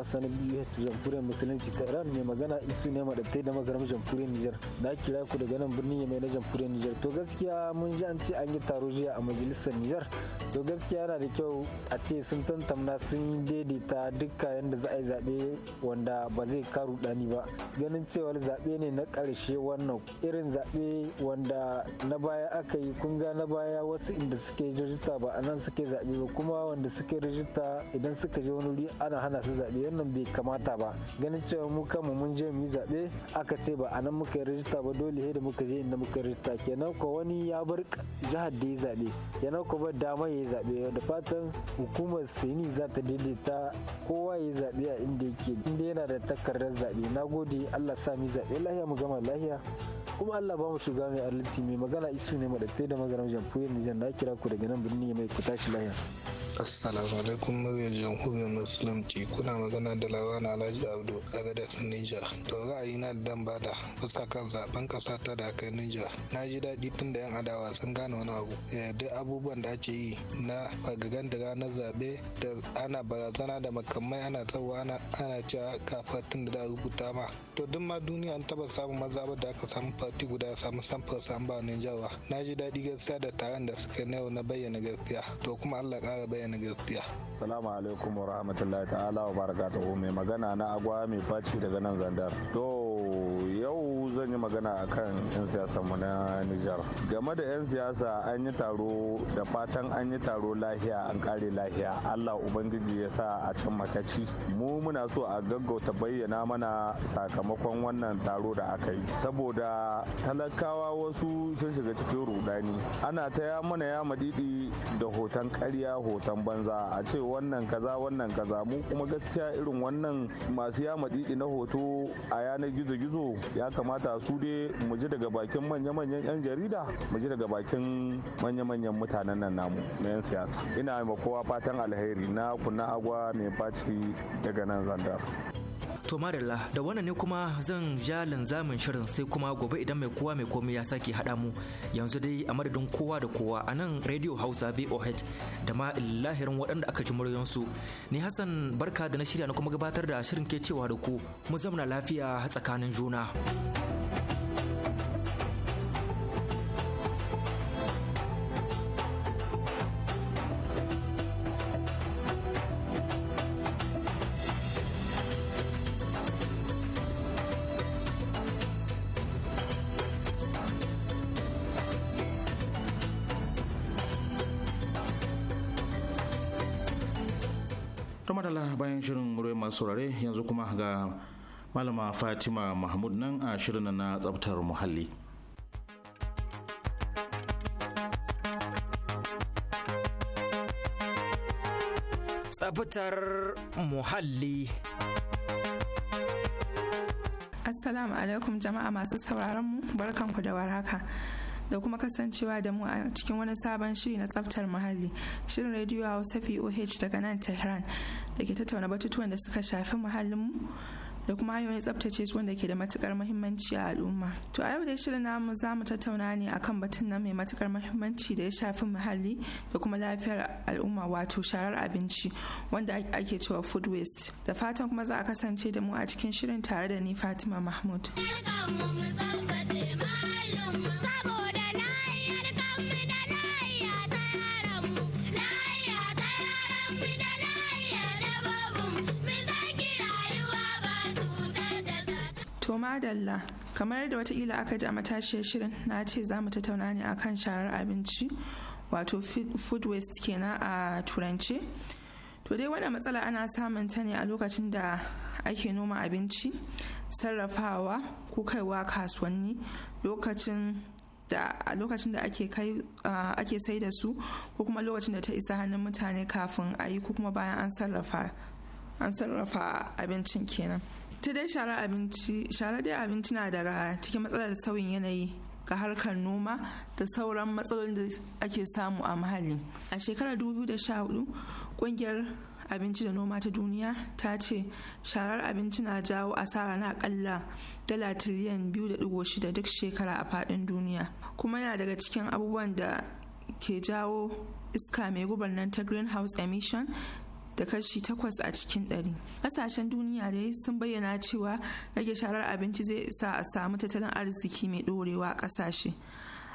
ya ci jamhuriyar musulunci ta Iran mai magana isu ne madatai da magaram jamhuriyar Nijar. Na kira ku daga nan birnin birnin mai na jamhuriyar Nijar to gaskiya mun ji an ce an yi taro jiya a majalisar Nijar to gaskiya yana da kyau a ce sun tantamna sun daidaita dukka yadda za a yi zaɓe wanda ba zai karu ɗani ba ganin cewar zaɓe ne na ƙarshe wannan irin zaɓe wanda na baya aka yi kun ga na baya wasu inda suke rajista ba a suke zaɓe ba kuma wanda suke rajista idan suka je wani wuri ana hana su zaɓe wannan bai kamata ba ganin cewa mu kanmu mun je mu yi zaɓe aka ce ba a nan muka yi rajista ba dole da muka muka je inda muka rista kenan ko wani ya bar jihar da ya zaɓe kenan ko ba dama ya zaɓe da fatan hukumar sini za ta daidaita kowa ya zaɓe a inda yake inda yana da takardar zaɓe na gode allah sa mi zaɓe lahiya mu gama lahiya kuma allah ba mu shiga mai arliti mai magana isu ne ma da magana jamhuriyar nijar na kira ku daga nan birni mai ku tashi lahiya. Assalamu alaikum muryar jamhuriyar musulunci kuna magana da lawan Alhaji Abdu Agadas Niger. To na da dan bada kusa kan zaben kasa ta da kai Niger. Na ji daɗi tun da yan adawa sun gane wani abu. Yadda eh, abubuwan da ake yi na fagagan da ranar zaɓe da ana barazana da makamai ana tsawo ana cewa kafatin da da rubuta ma. To duk ma duniya an taɓa samun mazaɓar da aka samu fati guda ya samu samfar samu ba Niger ba. Na ji daɗi gaskiya da taron da suka na yau na bayyana gaskiya. To kuma Allah ƙara bayyana na gaskiya salamu alaikum wa rahmatullahi ta'ala wa ta mai magana na agwa mai faci daga nan zandar to yau zan yi magana akan yan siyasa mu na Nijar game da yan siyasa an yi taro da fatan an yi taro lahiya an kare lahiya Allah ubangiji ya sa a can makaci mu muna so a gaggauta bayyana mana sakamakon wannan taro da aka yi saboda talakawa wasu sun shiga cikin ana ta ya mana ya madidi da hoton karya hoton banza a ce wannan kaza wannan kaza mu kuma gaskiya irin wannan masu ya madidi na hoto a yanar gizo-gizo ya kamata su dai mu ji daga bakin manya-manyan 'yan jarida mu ji daga bakin manya-manyan mutanen nan namu na 'yan siyasa ina ma kowa fatan alheri na kuna agwa mai faci daga nan zandar To Marilla, da wannan ne kuma zan ja linzamin shirin sai kuma gobe idan mai kowa mai komai ya sake haɗa mu yanzu dai a madadin kowa da kowa a nan Radio Hausa VOH da ma lahirin waɗanda aka ji muryansu. Ni Hassan barka da na shirya na kuma gabatar da shirin ke cewa da ku mu zamna lafiya tsakanin juna. saurare yanzu kuma ga malama fatima mahmud nan a shirin na tsabtar muhalli tsabtar muhalli assalamu alaikum jama'a masu sauraron mu barkanku da warhaka da kuma kasancewa da mu a cikin wani sabon shiri na tsaftar muhalli shirin rediyo hausa oh daga nan tehran da ke tattauna batutuwan da suka shafi muhallinmu da kuma hanyoyin tsaftace su wanda ke da matukar muhimmanci a al'umma to a yau da shirin namu za mu tattauna ne akan batun nan mai matukar muhimmanci da ya shafi muhalli da kuma lafiyar al'umma wato sharar abinci wanda ake cewa food waste da fatan kuma za a kasance da mu a cikin shirin tare da ni fatima mahmud madalla kamar yadda watakila aka ji a matashiyar shirin na ce za mu tattauna ne kan sharar abinci wato food waste kenan a turance to dai wannan matsala ana samun ta ne a lokacin da ake noma abinci sarrafawa ko kaiwa kasuwanni lokacin da a lokacin da ake kai ake sai da su ko kuma lokacin da ta isa hannun mutane kafin a yi ko kuma bayan an sarrafa abincin kenan ta dai shara abinci shara dai abinci na daga cikin matsalar sauyin yanayi ga harkar noma da sauran matsalolin da ake samu a muhalli a shekarar 2014 kungiyar abinci da noma ta duniya ta ce sharar abinci na jawo asara na akalla dala tiliyan 2.6 duk shekara a fadin duniya kuma yana daga cikin abubuwan da ke jawo iska mai gubar nan ta greenhouse emission da kashi takwas a cikin ɗari. Ƙasashen duniya dai sun bayyana cewa rage sharar abinci zai sa a samu tattalin arziki mai dorewa a ƙasashe.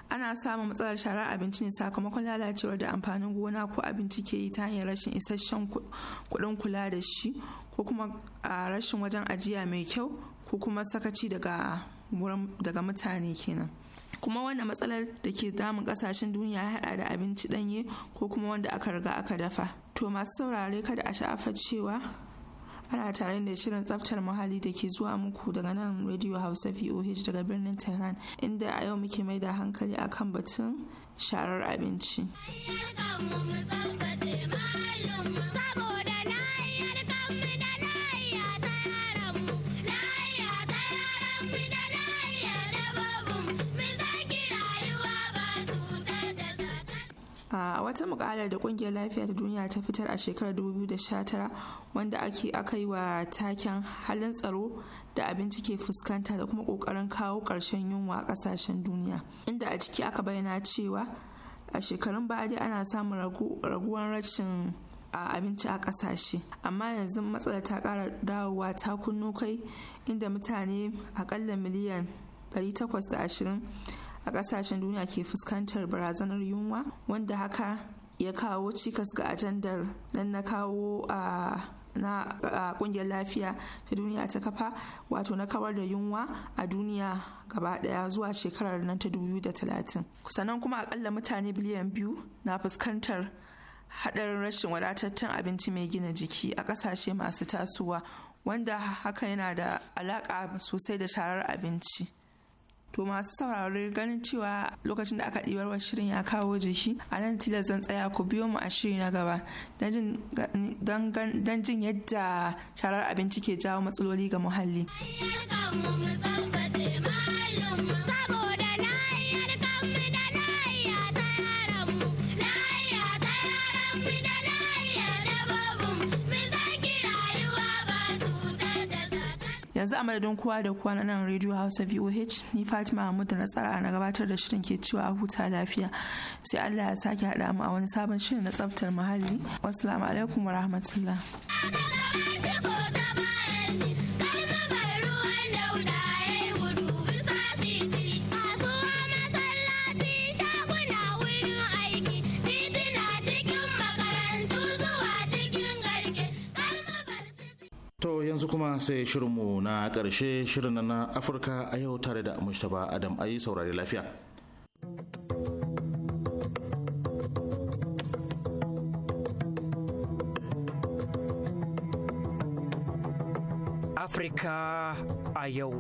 ana samun matsalar sharar abinci ne sakamakon lalacewar da amfanin gona ko abinci ke yi ta hanyar rashin isasshen kuɗin kula da shi ko kuma a rashin wajen ajiya mai kyau ko kuma sakaci daga mutane kenan. kuma wannan matsalar da ke damun kasashen duniya ya hada da abinci danye ko kuma wanda aka riga aka dafa to masu saurare kada a sha'afa cewa ana tare da shirin tsaftar muhalli da ke zuwa muku daga nan radio hausa voh daga birnin tehran inda a yau muke mai da hankali akan batun sharar abinci. wata mukalar da kungiyar lafiya ta duniya ta fitar a shekarar 2019 wanda ake aka yi wa taken halin tsaro da abinci ke fuskanta da kuma kokarin kawo karshen yunwa a kasashen duniya inda a ciki aka bayyana cewa a shekarun baya ana samun raguwar rashin a abinci a kasashe amma yanzu matsala ta kara dawowa ta kunno kai inda mutane akalla miliyan 820 a kasashen duniya ke fuskantar barazanar yunwa wanda haka ya kawo cikas ga ajandar nan na kawo a na kungiyar lafiya ta duniya ta kafa wato na kawar da yunwa a duniya gaba daya zuwa shekarar nan ta talatin. sannan kuma akalla mutane biliyan biyu na fuskantar hadarin rashin wadataccen abinci mai gina jiki a kasashe masu tasowa wanda haka yana da alaka sosai da sharar abinci To masu saurari ganin cewa lokacin da aka ɗibar shirin ya kawo jiki a nan tilas zan tsaya ku biyo mu a shiri na gaba don jin yadda sharar abinci ke jawo matsaloli ga muhalli. yanzu a madadin kowa da kowa na nan radio hausa voh ni fatima hamud da nasara na gabatar da shirin ke cewa a huta lafiya sai allah ya sake haɗa mu a wani sabon shirin na tsaftar muhalli wasu alaikum wa rahmatullah yanzu kuma sai shirinmu na ƙarshe shirin na afirka a yau tare da mustapha adam ayi saurari lafiya afirka a yau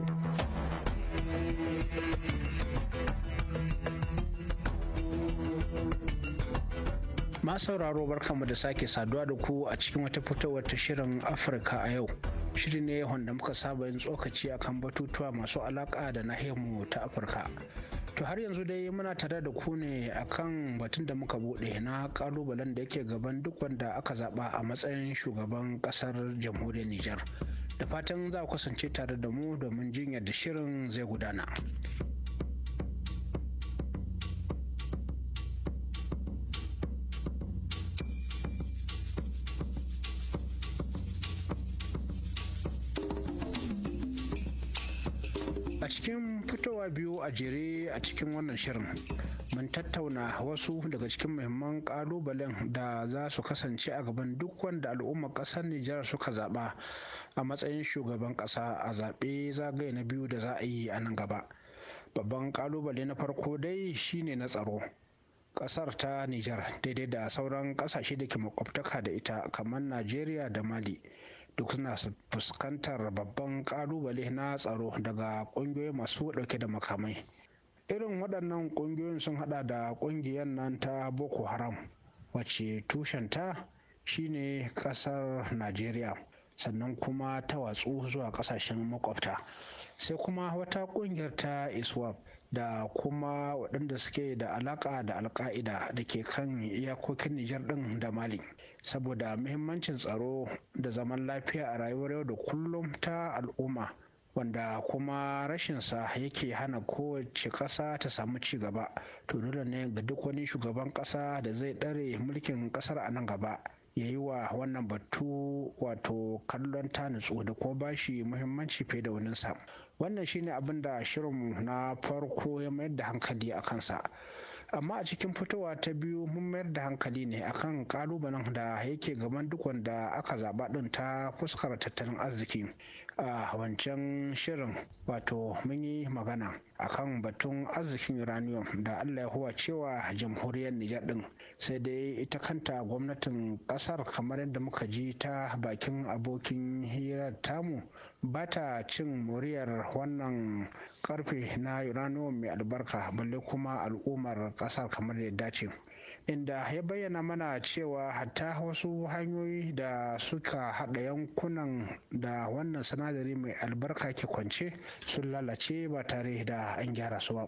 masu sauraro barkanmu da sake saduwa da ku a cikin wata fitowar ta shirin afirka a yau shiri ne wanda muka saba yin tsokaci akan batutuwa masu alaƙa da nahiyarmu ta afirka to har yanzu dai muna tare da ku ne akan batun da muka buɗe na kalubalen da yake gaban duk wanda aka zaɓa a matsayin shugaban ƙasar jamhuriyar nijar da fatan za ku kasance tare da mu domin jin yadda shirin zai gudana cikin fitowa biyu a jere a cikin wannan shirin mun tattauna wasu daga cikin muhimman kalubalen da za su kasance a gaban duk wanda al'ummar kasar nijar suka zaɓa a matsayin shugaban ƙasa a zaɓe zagaye na biyu da za a yi a nan gaba babban kalubale na farko dai shine na tsaro ƙasar ta nijar daidai da sauran ƙasashe da ke makwabtaka da ita kamar najeriya da mali duk suna fuskantar babban ƙalubale na tsaro daga ƙungiyoyi masu dauke da makamai irin waɗannan ƙungiyoyin sun haɗa da ƙungiyar nan ta boko haram wacce tushenta shine ƙasar najeriya sannan kuma ta watsu zuwa ƙasashen makwabta sai kuma wata ƙungiyar ta iswap da kuma waɗanda suke da alaƙa da alka'ida da ke kan iyakokin nijar ɗin da mali saboda muhimmancin tsaro da zaman lafiya a rayuwar yau da kullum ta al'umma wanda kuma rashinsa yake hana kowace ƙasa ta samu ci gaba to dole ne ga duk wani shugaban ƙasa da zai ɗare mulkin ƙasar a nan gaba ya yi wa wannan batu wato kallon ta nutsu da kuma bashi muhimmanci fiye da waninsa wannan shine abin da shirin na farko ya mayar da hankali a kansa amma a cikin fitowa ta biyu mun mayar da hankali ne akan kalubalen da yake gaban duk wanda aka zaba din ta fuskar tattalin arziki a ah, wancan shirin wato mun yi magana akan batun arzikin uranium da allah ya huwa cewa jamhuriyar nijar din sai dai ita kanta gwamnatin kasar kamar yadda muka ji ta bakin abokin hirar tamu ba ta cin muryar wannan karfe na uranium mai albarka balle kuma al'ummar kasar kamar yadda ce inda ya bayyana mana cewa hatta wasu hanyoyi da suka haɗa yankunan da wannan sinadari mai albarka ke kwance sun lalace ba tare da an gyara su ba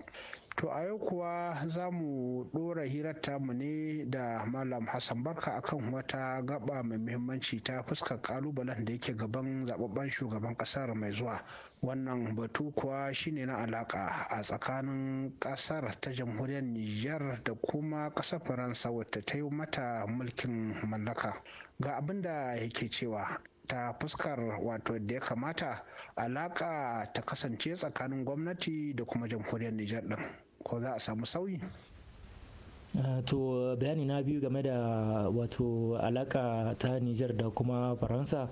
To a yau kuwa za mu ɗora hirar mu ne da Malam Hassan Barka akan wata gaba mai muhimmanci ta fuskar ƙalubalen da yake gaban zababben shugaban ƙasar mai zuwa. Wannan batu kuwa shine na alaƙa a tsakanin ƙasar ta jamhuriyar Nijar da kuma ƙasar Faransa wata ta yi mata mulkin mallaka. Ga abin da yake cewa ta fuskar wato da ya kamata alaka ta kasance tsakanin gwamnati da kuma jamhuriyar nijar din ko za a samu sauyi ah, to bayani na biyu game da wato alaka ta Nijar da kuma Faransa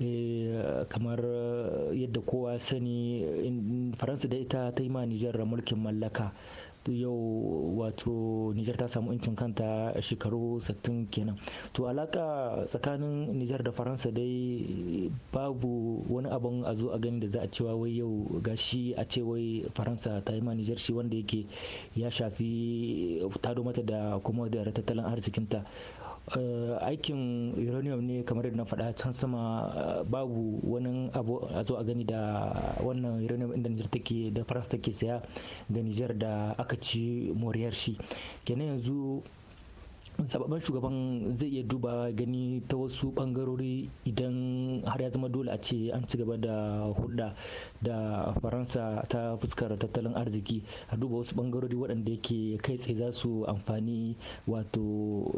eh, kamar yadda kowa sani faransa da ita ta yi ma nijar mulkin mallaka yau wato Nijar ta samu incin kanta shekaru 60 kenan to alaka tsakanin Nijar da Faransa dai babu wani abin a zo a gani da za a cewa wai yau gashi a ce wai Faransa ta yi ma Nijar shi wanda yake ya shafi tado mata da kuma da tattalin arzikinta Eh, aikin uranium ne kamar yadda na faɗa can sama eh, babu wani abu a zo a gani da wannan uranium inda Nijar take da Faransa take saya da Nijar da aka ci moriyar shi kenan yanzu sababin shugaban zai iya duba gani ta wasu bangarori idan har ya zama dole a ce an ci gaba da hulɗa da faransa ta fuskar tattalin arziki a duba wasu bangarori waɗanda yake kai tsaye za su amfani wato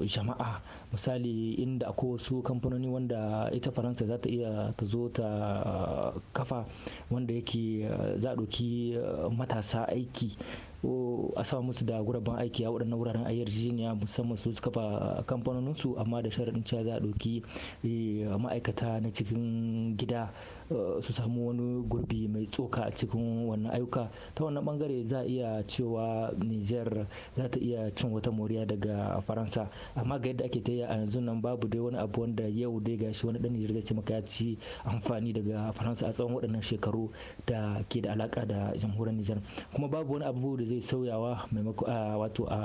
jama'a misali inda akwai wasu kamfanoni wanda ita faransa za ta iya ta zo ta uh, kafa wanda yake uh, za a ɗauki uh, matasa aiki a sa musu da guraben aiki a waɗannan wuraren a yarjejeniya musamman su kafa kamfanoninsu amma da sharaɗin cewa za a ɗauki eh, ma'aikata na cikin gida Eh, su samu wani gurbi mai tsoka a cikin wannan ayuka ta wannan bangare za a iya cewa niger za ta iya cin wata moriya daga faransa amma ga yadda ake ta yi a yanzu nan babu dai wani abu wanda yau dai gashi wani dan niger zai ce maka ya ci amfani daga faransa a tsawon waɗannan shekaru da ke da alaka da jamhuriyar niger kuma babu wani abu da zai sauyawa maimako wato a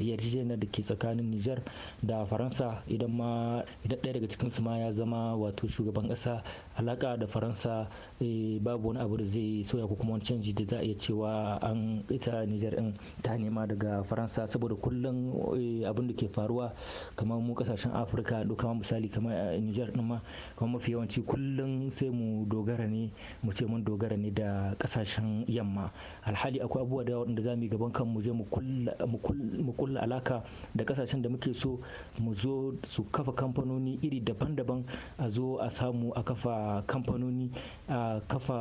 yarjejeniyar da ke tsakanin niger da faransa idan ma idan ɗaya daga cikinsu ma ya zama wato shugaban ƙasa alaka da faransa faransa eh, babu wani abu da zai sauya ko kuma wani canji da za a iya cewa an ita niger din ta nema daga faransa saboda kullum eh, abin da ke faruwa kamar mu kasashen afirka doka misali kamar eh, nijar din ma kamar mafi yawanci kullum sai mu dogara ne mu ce mun dogara ne da kasashen yamma alhali akwai abubuwa da wanda za mu yi gaban kan mu je mu kulla alaka da kasashen da muke so mu zo su kafa kamfanoni iri daban-daban a zo a samu a kafa kamfanoni a ah, kafa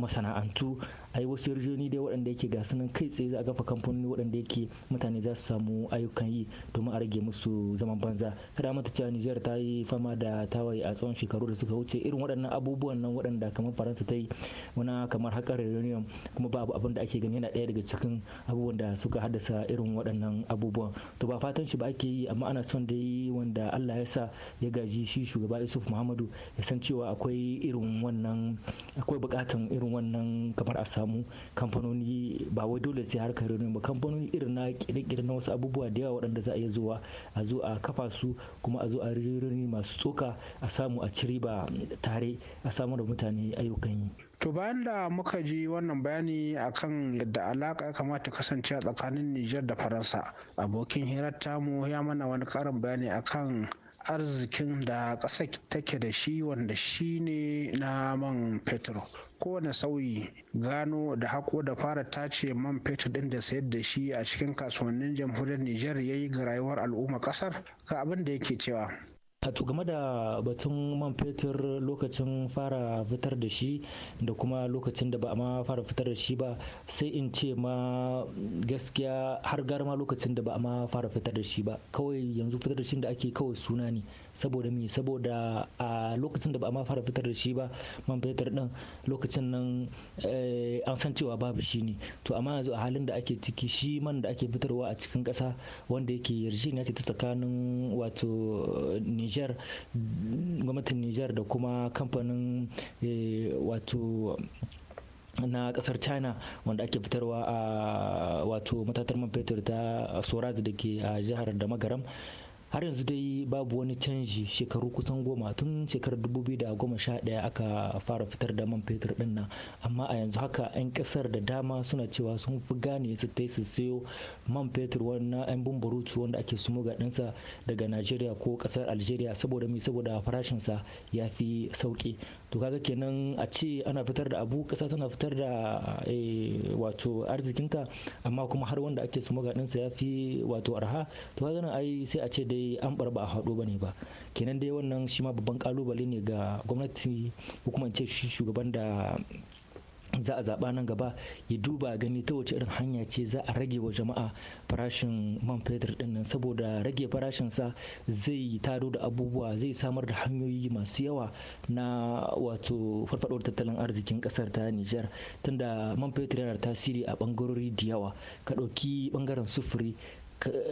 masana'antu ai wasu yarjejeni dai waɗanda yake ga sunan kai tsaye za a kafa kamfanoni waɗanda yake mutane za su samu ayyukan yi domin a rage musu zaman banza kada mata cewa Nijar ta yi fama da tawaye a tsawon shekaru da suka wuce irin waɗannan abubuwan nan waɗanda kamar Faransa ta yi wani kamar haƙar Reunion kuma babu abin da ake gani yana ɗaya daga cikin abubuwan da suka haddasa irin waɗannan abubuwan to ba fatan shi ba ake yi amma ana son dai wanda Allah ya sa ya gaji shi shugaba Yusuf Muhammadu ya san cewa akwai irin wannan akwai buƙatan irin wannan kamar a samu kamfanoni ba wai dole sai harkar renon ba kamfanoni irin na kirkira na wasu abubuwa da yawa waɗanda za a iya zuwa a zo a kafa su kuma a zo a renon masu tsoka a samu a ci riba tare a samu da mutane ayyukan yi To bayan da muka ji wannan bayani akan yadda alaka ya kamata kasance a tsakanin Nijar da Faransa, abokin hirar tamu ya mana wani karin bayani akan arzikin da ƙasa take da shi wanda shi ne na man fetur kowane sauyi gano da hako da fara tace man fetur ɗin da sayar da shi a cikin kasuwannin jamhuriyar nijar ya yi ga rayuwar al'umma ƙasar ga abin da yake cewa a to game da batun man fetur lokacin fara fitar da shi da kuma lokacin da ba ma fara fitar da shi ba sai in ce ma gaskiya har gara ma lokacin da ba ma fara fitar da shi ba kawai yanzu fitar da shi da ake kawai suna ne saboda me saboda a lokacin da ba ma fara fitar da shi ba man fetur din lokacin nan eh, an san cewa babu shi ne to amma yanzu a halin da ake ciki shi man da ake fitarwa a cikin ƙasa wanda yake yarjejeniya ce ta tsakanin wato niger gwamnatin niger da kuma kamfanin eh, wato na ƙasar china wanda ake fitarwa a wato matatar man fetur ta soraz da ke a jihar da magaram har yanzu dai babu wani canji shekaru kusan goma tun shekarar 2011 aka fara fitar da man fetur din nan amma a yanzu haka 'yan kasar da dama suna cewa sun fi gane su ta su sayo man fetur wannan 'yan bumburutu wanda ake sumo ga ɗinsa daga najeriya ko kasar algeria saboda mai saboda farashinsa ya fi sauki to kaga kenan a ce ana fitar da abu kasa tana fitar da eh, wato arzikinta amma kuma har wanda ake su sa ya fi wato arha to kaga nan ai sai a ce dai an barba a haɗo bane ba kenan dai wannan shi ma babban kalubale ne ga gwamnati ko kuma in ce shugaban da za a zaɓa nan gaba ya duba gani ta wace irin hanya ce za a rage wa jama'a farashin man fetur ɗin nan saboda rage farashinsa zai taro da abubuwa zai samar da hanyoyi masu yawa na wato farfaɗowar tattalin arzikin ƙasar ta Nijar tunda man fetur yana tasiri a ɓangarori da yawa ka ɗauki ɓangaren sufuri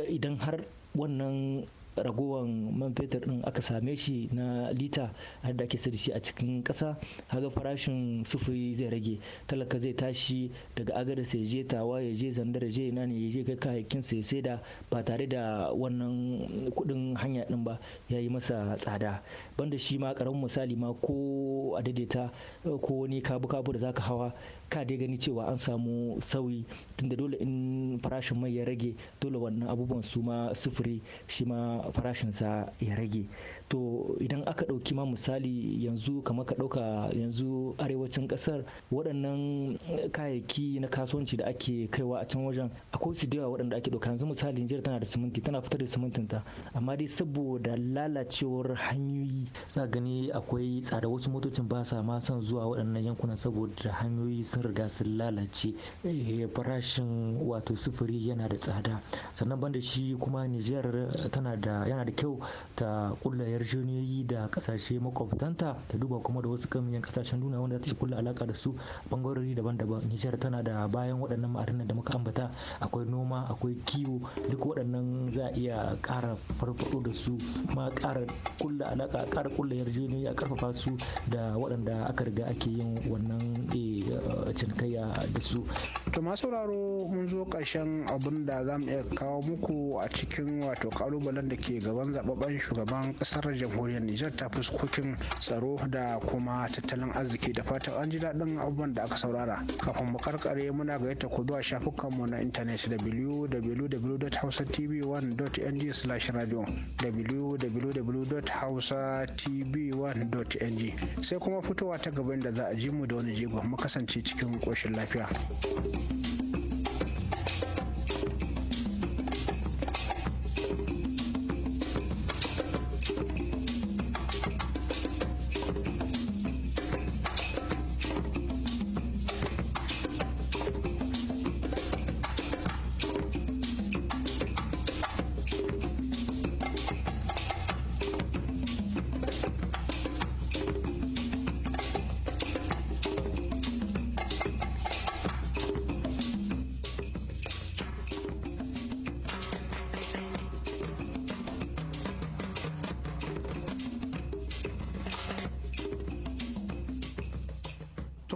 idan har wannan ragowan man fetur din aka same shi na lita har da ake sayar shi a cikin ƙasa haga farashin sufuri zai rage talaka zai tashi daga agada ya je tawa ya je zandar je ina ne ya je kai kayayyakin sa ya da ba tare da wannan kuɗin hanya din ba ya yi masa tsada banda shi ma karamin misali ma ko a daidaita ko wani kabu-kabu da zaka hawa ka dai gani cewa an samu sauyi tunda dole in farashin mai ya rage dole wannan abubuwan su ma sufuri shi ma farashinsa ya rage to idan aka ɗauki ma misali yanzu kamar ka ɗauka yanzu arewacin ƙasar waɗannan kayayyaki na kasuwanci da ake kaiwa a can wajen akwai su da yawa waɗanda ake ɗauka yanzu misali Nijar tana da siminti tana fitar da simintin ta amma dai saboda lalacewar hanyoyi za gani akwai tsada wasu motocin ba sa ma son zuwa waɗannan yankunan saboda hanyoyi sun riga sun lalace eh, farashin wato sufuri yana da tsada sannan banda shi kuma Nijar tana da yana da kyau ta kulla yarjejeniyoyi da kasashe makwabtanta ta duba kuma da wasu kamiyan kasashen duniya wanda ta kulla alaka da su bangarori daban-daban nijar tana da bayan waɗannan ma'adanan da muka ambata akwai noma akwai kiwo duk waɗannan za a iya ƙara farfaɗo da su ma ƙara kulla alaka ƙara kulla yarjejeniyoyi a karfafa su da waɗanda aka riga ake yin wannan eh, cinikayya da su. to ma sauraro mun zo ƙarshen abin da za mu iya kawo muku a cikin wato ƙalubalen da ke gaban zababben shugaban kasar jamhuriyar Nijar ta fuskokin tsaro da kuma tattalin arziki da fatan an ji daɗin abubuwan da aka saurara. Kafin mu karkare muna gayyata ku zuwa shafukanmu na intanet www.hausatv1.ng/radio www.hausatv1.ng sai kuma fitowa ta gaban da za a ji mu da wani jigo mu kasance cikin ƙoshin lafiya.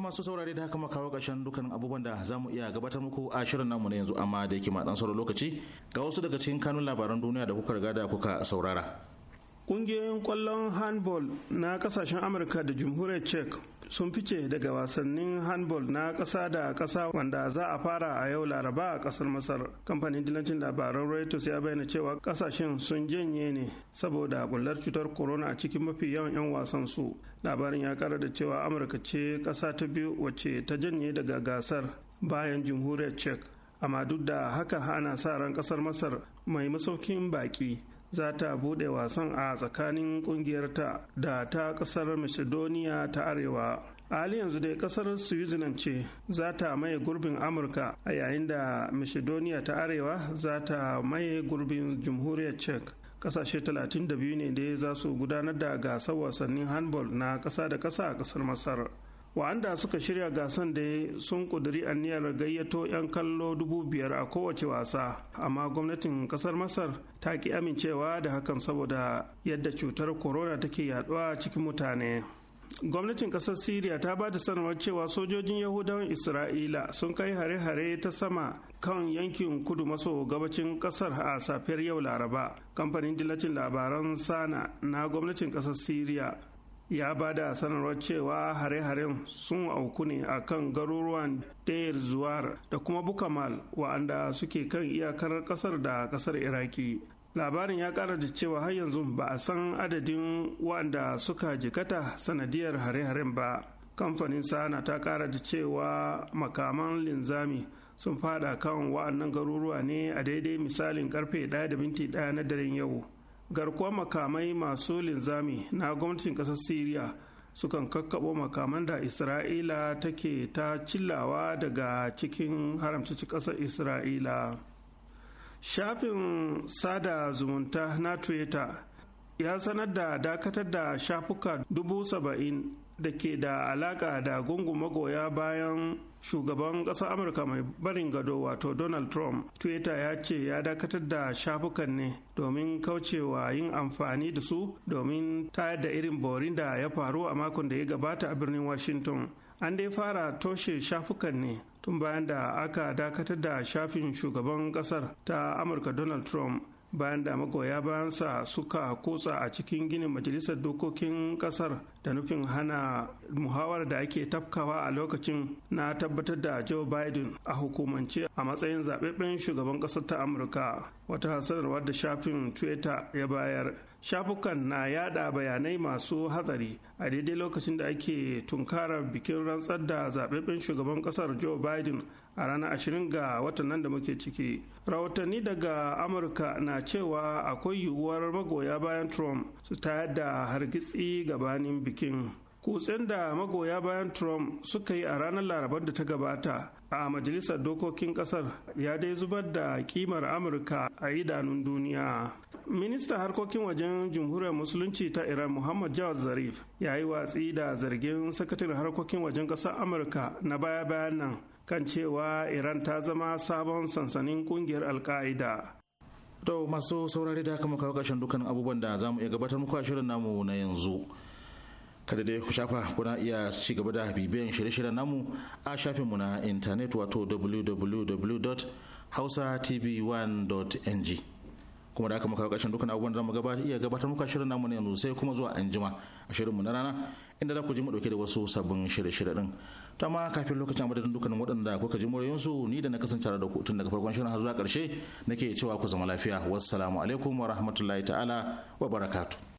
masu saurare da haka makawa ƙarshen dukkanin abubuwan da za mu iya gabatar muku a shirin namu na yanzu amma da yake ma sauran lokaci ga wasu daga cikin kanun labaran duniya da kuka riga da kuka saurara. Ƙungiyoyin ƙwallon handball na ƙasashen Amurka da Jamhuriyar Czech sun fice daga wasannin handball na ƙasa da ƙasa wanda za a fara a yau laraba a ƙasar masar kamfanin dilancin labaran reuters ya bayyana cewa ƙasashen sun janye ne saboda bullar cutar corona a cikin mafi yawan 'yan wasan su labarin ya kara da cewa amurka ce ƙasa ta biyu wacce ta janye daga gasar bayan jamhuriyar czech amma duk da haka ana sa ran ƙasar masar mai masaukin baƙi za ta buɗe wasan a tsakanin ƙungiyarta da ta ƙasar macedonia ta arewa hali yanzu dai kasar switzerland ce za ta maye gurbin amurka a yayin da macedonia ta arewa za ta maye gurbin jamhuriyar czech kasashe 32 ne dai za su gudanar da gasar wasannin handball na ƙasa da ƙasa a ƙasar masar wa'anda suka shirya gasan da sun kuduri aniyar gayyato 'yan kallo dubu biyar a kowace wasa amma gwamnatin kasar masar ta ki amincewa da hakan saboda yadda cutar corona take yaduwa cikin mutane gwamnatin kasar syria ta ba da sanarwar cewa sojojin yahudawan isra'ila sun kai hare-hare ta sama kan yankin kudu maso gabacin kasar a safiyar yau laraba kamfanin dillacin labaran sana na gwamnatin kasar syria ya ba da sanarwar cewa hare-haren sun auku ne a kan garuruwan Deir Zuwar da kuma Bukamal wa'anda suke kan iyakar kasar da kasar Iraki. Labarin ya kara da cewa har yanzu ba a san adadin wa'anda suka jikata sanadiyar hare-haren ba. Kamfanin sana ta kara da cewa makaman linzami sun fada kan wa'annan garuruwa ne a daidai misalin karfe 1.1 da minti na daren yau. garkuwar makamai masu linzami na gwamnatin ƙasar syria sukan kakkaɓo makaman da isra'ila take ta cillawa daga cikin haramcici ƙasar isra'ila shafin sada zumunta na twitter ya sanar da dakatar da shafuka dubu saba'in da ke da alaƙa da gungun magoya bayan shugaban ƙasar amurka mai barin gado wato donald trump twitter ya ce ya dakatar da shafukan ne domin kaucewa yin amfani da su domin tayar da irin borin da ya faru a makon da ya gabata a birnin washington an dai fara toshe shafukan ne tun bayan da aka dakatar da shafin shugaban ƙasar ta amurka donald trump bayan da magoya bayansa suka kotsa a cikin ginin majalisar dokokin kasar da nufin hana muhawar da ake tafkawa a lokacin na tabbatar da joe biden a hukumance a matsayin zaɓeɓɓen shugaban ƙasar ta amurka wata sanarwar da shafin twitter ya bayar shafukan na yada bayanai masu hatsari a daidai lokacin da ake tunkarar bikin rantsar da zaɓeɓɓen shugaban ƙasar joe biden a ranar ashirin ga watan nan da muke ciki rahotanni daga amurka na cewa akwai yiwuwar magoya bayan trump su tayar da hargitsi gabanin bikin kutsen da magoya bayan trump suka yi a ranar larabar da ta gabata a majalisar dokokin kasar ya dai zubar da kimar amurka a idanun duniya ministan harkokin wajen jamhuriyar musulunci ta iran muhammad jawad zarif ya yi watsi da zargin sakataren harkokin wajen ƙasar amurka na baya-bayan nan kan cewa iran ta zama sabon sansanin kungiyar alka'ida to masu saurari da haka kawo ƙarshen dukkan abubuwan da za mu iya gabatar muku a shirin namu na yanzu kada dai ku shafa kuna iya ci gaba da bibiyan shirye-shiryen namu a shafinmu na intanet wato www.hausatv1.ng kuma da aka maka kashin dukkan abubuwan da mu iya gabatar muka shirin namu na yanzu sai kuma zuwa anjima a shirinmu na rana inda za ku ji mu dauke da wasu sabbin shirye-shirye din ta ma kafin lokacin madadin dukkanin waɗanda kuka ji su ni da na kasance da ku tun daga farkon shirin har zuwa ƙarshe nake cewa ku zama lafiya wassalamu alaikum wa rahmatullahi ta'ala wa barakatu.